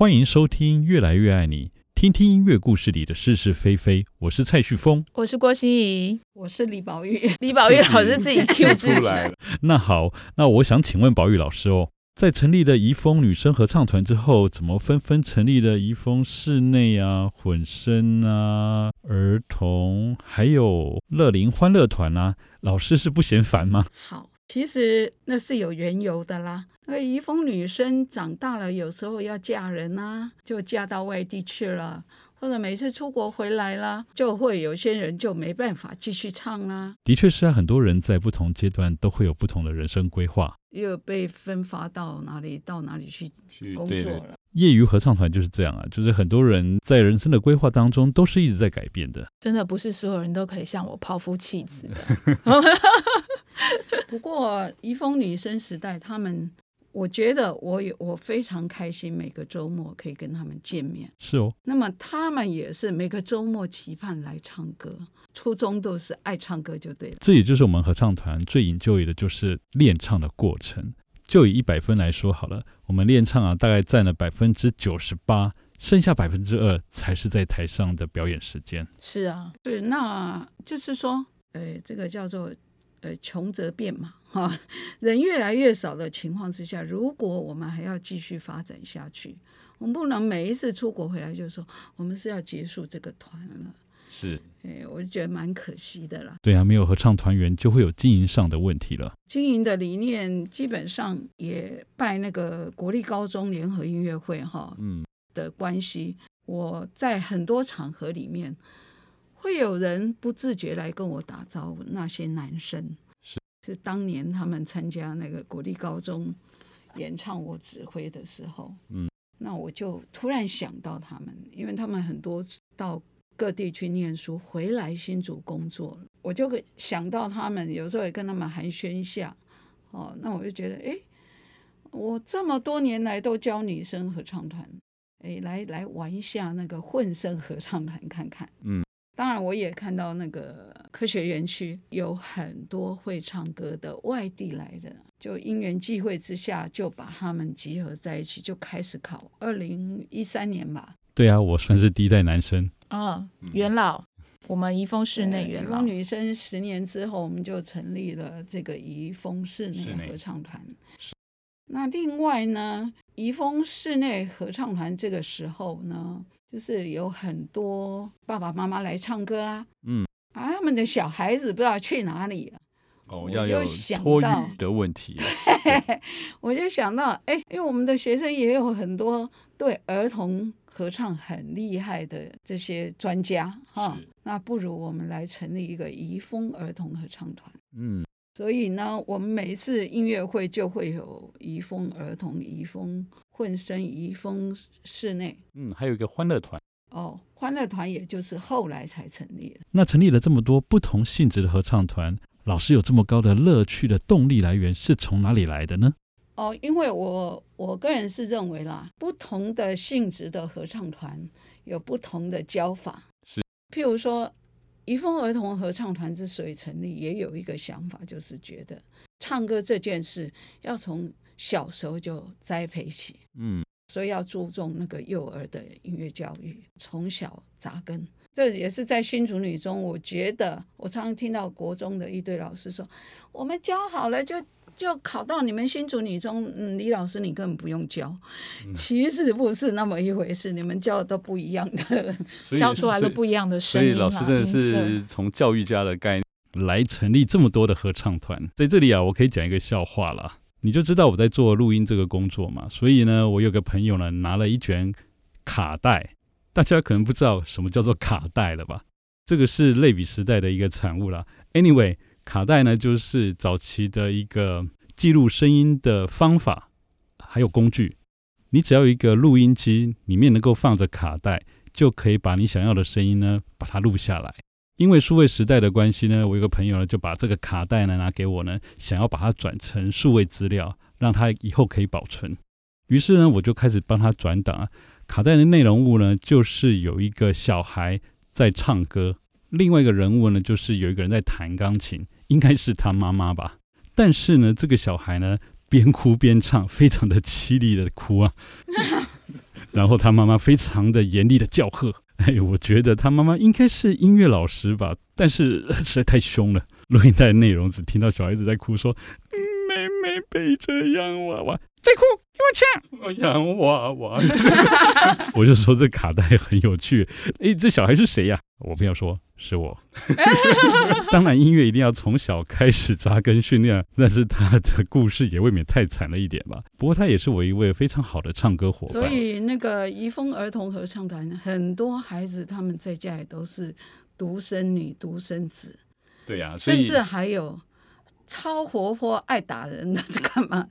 歡迎收聽《樂來越愛你》，聽聽音樂故事裡的是是非非。我是蔡旭峰，我是郭心怡，我是李寶玉。 李寶玉老師自己 Q 自己 了。 那好，那我想請問寶玉老師哦，在成立了怡豐女生合唱團之後，怎麼紛紛成立了怡豐室內啊、混聲啊、兒童，還有樂齡歡樂團啊，老師是不嫌煩嗎？好。其實那是有緣由的啦。因為宜豐女生長大了，有時候要嫁人啊，就嫁到外地去了，或者每次出國回來了，就會有些人就沒辦法繼續唱啦、啊。的確是啊，很多人在不同階段都會有不同的人生規劃，又被分發到哪裡到哪裡去工作了，對對對。業餘合唱團就是這樣啊，就是很多人在人生的規劃當中都是一直在改變的。真的不是所有人都可以像我拋夫棄子的。 我一豐女生時代，他們我覺得我有我非常開心，每個周末可以跟他們見面。是哦，那麼他們也是每個周末期盼來唱歌，初中都是愛唱歌就對了。這也就是我們合唱團最享受的就是練唱的過程。就以一百分來說好了，我們練唱啊，大概占了百分之九十八，剩下百分之二才是在台上的表演時間。是啊，對，那就是說，呃、哎，這個叫做。呃，窮則變嘛，哈、哦，人越來越少的情況之下，如果我們還要繼續發展下去，我們不能每一次出國回來就說我們是要結束這個團了。是，哎、欸，我就覺得蠻可惜的啦。對啊，沒有合唱團員就會有經營上的問題了。經營的理念基本上也拜那個國立高中聯合音樂會哈，嗯，的關係，我在很多場合裡面會有人不自覺來跟我打招呼，那些男生是是當年他們參加那個國立高中演唱我指揮的時候，嗯，那我就突然想到他們，因為他們很多到各地去念書，回來新竹工作，我就想到他們，有時候也跟他們寒暄一下，哦，那我就覺得，哎，我這麼多年來都教女生合唱團，哎，來來玩一下那個混聲合唱團看看，嗯。當然，我也看到那個科學園區有很多會唱歌的外地來的，就因緣際會之下就把他們集合在一起，就開始考。二零一三年吧。對啊，我算是第一代男生。啊、嗯，uh, 元老，嗯、我們宜豐室內元老女生十年之後，我們就成立了這個宜豐室內合唱團。是，那另外呢，宜豐室內合唱團這個時候呢？就是有很多爸爸媽媽來唱歌啊，嗯，啊，他們的小孩子不知道去哪裡了。啊。哦，我就想到要要托育的問題，對對我就想到，哎，因為我們的學生也有很多對兒童合唱很厲害的這些專家，哈，是那不如我們來成立一個移風兒童合唱團，嗯。所以呢，我們每一次音樂會就會有移風兒童、移風混聲、移風室內，嗯，還有一個歡樂團。哦，歡樂團也就是後來才成立的。那成立了這麼多不同性質的合唱團，老師有這麼高的樂趣的動力來源是從哪裡來的呢？哦，因為我我個人是認為啦，不同的性質的合唱團有不同的教法。是，譬如說，一封兒童合唱團之所以成立，也有一個想法，就是覺得唱歌這件事要從小時候就栽培起，嗯，所以要注重那個幼兒的音樂教育，從小扎根。這也是在新竹女中，我覺得我常常聽到國中的一對老師說，我們教好了就。就考到你們新竹女中，嗯，李老師你根本不用教，嗯、其實不是那麼一回事，你們教的都不一樣的，以教出來了不一樣的聲音是是，所以老師真的是從教育家的概念來成立這麼多的合唱團。嗯，在這裡啊，我可以講一個笑話了，你就知道我在做錄音這個工作嘛。所以呢，我有個朋友呢，拿了一卷卡帶，大家可能不知道什麼叫做卡帶了吧？這個是類比時代的一個產物了。Anyway。卡帶呢，就是早期的一個記錄聲音的方法，還有工具。你只要有一個錄音機，裡面能夠放着卡帶，就可以把你想要的聲音呢，把它錄下來。因為數位時代的關係呢，我有個朋友呢，就把這個卡帶呢拿給我呢，想要把它轉成數位資料，讓它以後可以保存。於是呢，我就開始幫他轉檔。卡帶的內容物呢，就是有一個小孩在唱歌，另外一個人物呢，就是有一個人在彈鋼琴。應該是他媽媽吧，但是呢，這個小孩呢，邊哭邊唱，非常的淒厲的哭啊， 然後他媽媽非常的嚴厲的叫喝，哎，我覺得他媽媽應該是音樂老師吧，但是實在太兇了。錄音帶的內容只聽到小孩子在哭說，說、嗯、妹妹背著洋娃娃。再哭，給我唱《洋娃娃》。我就說這卡帶很有趣。欸，這小孩是誰呀、啊？我不要說是我。 當然，音樂一定要從小開始扎根訓練。但是他的故事也未免太慘了一點吧？不過他也是我一位非常好的唱歌夥伴。所以那個怡豐兒童合唱團，很多孩子他們在家也都是獨生女、獨生子。對呀、啊，甚至還有。超活潑、愛打人的，幹嘛？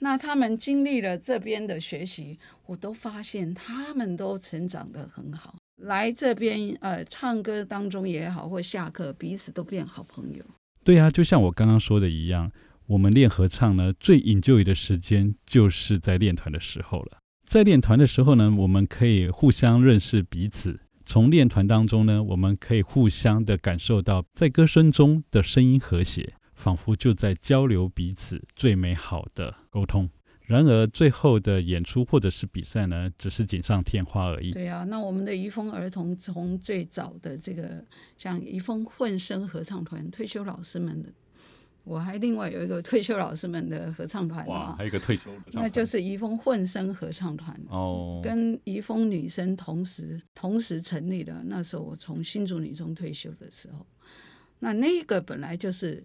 那他們經歷了這邊的學習，我都發現他們都成長得很好。來這邊，呃，唱歌當中也好，或下課，彼此都變好朋友。對呀、啊，就像我剛剛說的一樣，我們練合唱呢，最 enjoy 的時間就是在練團的時候了。在練團的時候呢，我們可以互相認識彼此。從練團當中呢，我們可以互相的感受到在歌聲中的聲音和諧。仿佛就在交流彼此最美好的溝通。然而，最後的演出或者是比賽呢，只是錦上添花而已。對啊，那我們的宜豐兒童從最早的這個像宜豐混聲合唱團，退休老師們的，我還另外有一個退休老師們的合唱團啊，哇，還有一個退休合唱團，那就是宜豐混聲合唱團哦，跟宜豐女生同時同時成立的。那時候我從新竹女中退休的時候，那那個本來就是。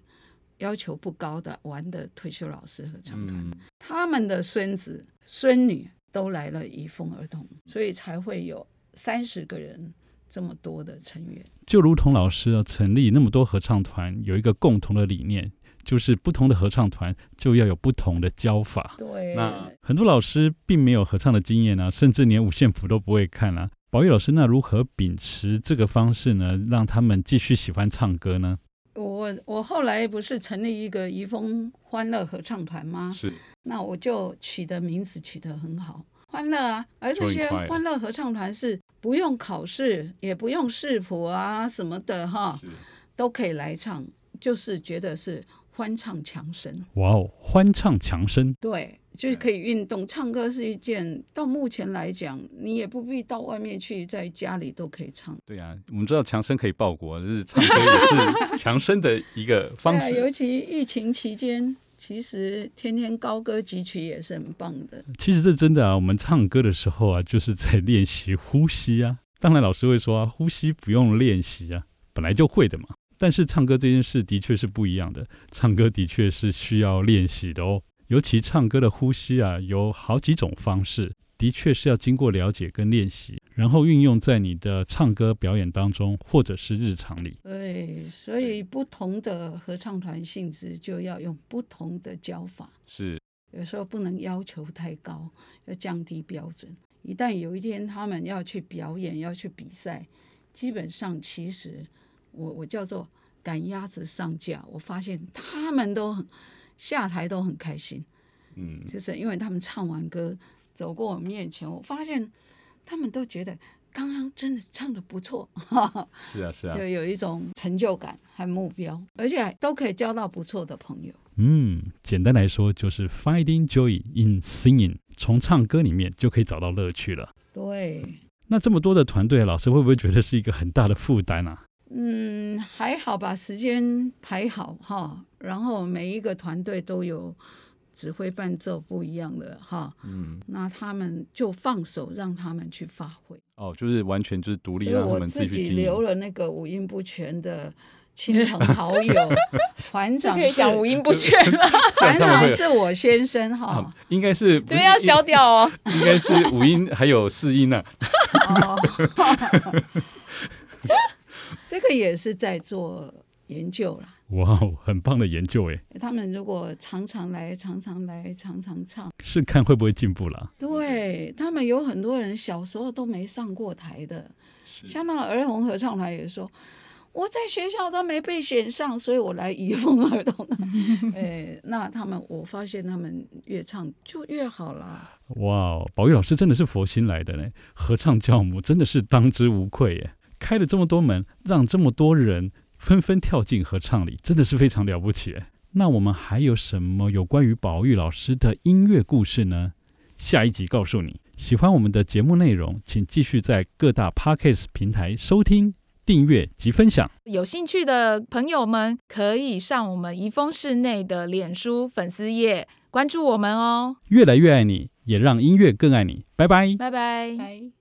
要求不高的玩的退休老師合唱團，嗯、他們的孫子孫女都來了，一風兒童，所以才會有三十個人這麼多的成員。就如同老師成立那麼多合唱團，有一個共同的理念，就是不同的合唱團就要有不同的教法。對，那很多老師並沒有合唱的經驗啊，甚至連五線譜都不會看啊。寶鈺老師，那如何秉持這個方式呢，讓他們繼續喜歡唱歌呢？我我我後來不是成立一個怡豐歡樂合唱團嗎？是，那我就取的名字取得很好，歡樂啊，而這些歡樂合唱團是不用考試，也不用視譜啊什麼的哈，是都可以來唱，就是覺得是歡唱強身。哇哦，歡唱強身。對。就是可以運動，唱歌是一件。到目前來講，你也不必到外面去，在家裡都可以唱。對呀，啊，我們知道強身可以報國，就是唱歌也是強身的一個方式。尤其疫情期間，其實天天高歌幾曲也是很棒的。其實這真的啊，我們唱歌的時候啊，就是在練習呼吸啊。當然老師會說啊，呼吸不用練習啊，本來就會的嘛。但是唱歌這件事的確是不一樣的，唱歌的確是需要練習的哦。尤其唱歌的呼吸啊，有好幾種方式，的確是要經過了解跟練習，然後運用在你的唱歌表演當中，或者是日常裡。對，所以不同的合唱團性質就要用不同的教法。是，有時候不能要求太高，要降低標準。一旦有一天他們要去表演、要去比賽，基本上其實我我叫做趕鴨子上架，我發現他們都。下台都很開心，嗯，就是因為他們唱完歌走過我面前，我發現他們都覺得剛剛真的唱得不錯，哈哈，是啊是啊，有有一種成就感和目標，而且都可以交到不錯的朋友。嗯，簡單來說就是 finding joy in singing，從唱歌裡面就可以找到樂趣了。對，那這麼多的團隊、啊、老師會不會覺得是一個很大的負擔啊？嗯，還好吧，時間排好哈，然後每一個團隊都有指揮伴奏、不一樣的哈，嗯，那他們就放手讓他們去發揮。哦，就是完全就是獨立讓他們自己去。我自己留了那個五音不全的親朋好友團長 可以講五音不全了，團 長是我先生哈、 嗯，應該是怎麼要消掉哦？應該是五音還有四音呢。這個也是在做研究了，哇，wow, 很棒的研究哎、欸！他們如果常常來，常常來，常常唱，是看會不會進步了、啊。對他們有很多人小時候都沒上過台的，是像那個兒童合唱團也說，我在學校都沒被選上，所以我來移風兒童的、 欸。那他們我發現他們越唱就越好了。哇，寶鈺老師真的是佛心來的呢，合唱教母真的是當之無愧耶！開了這麼多門，讓這麼多人紛紛跳進合唱裡，真的是非常了不起。那我們還有什麼有關於寶鈺老師的音樂故事呢？下一集告訴你。喜歡我們的節目內容，請繼續在各大 podcast 平台收聽、訂閱及分享。有興趣的朋友們，可以上我們怡豐室內的臉書粉絲頁關注我們哦。樂來越愛你，也讓音樂更愛你。拜，拜拜 bye，拜。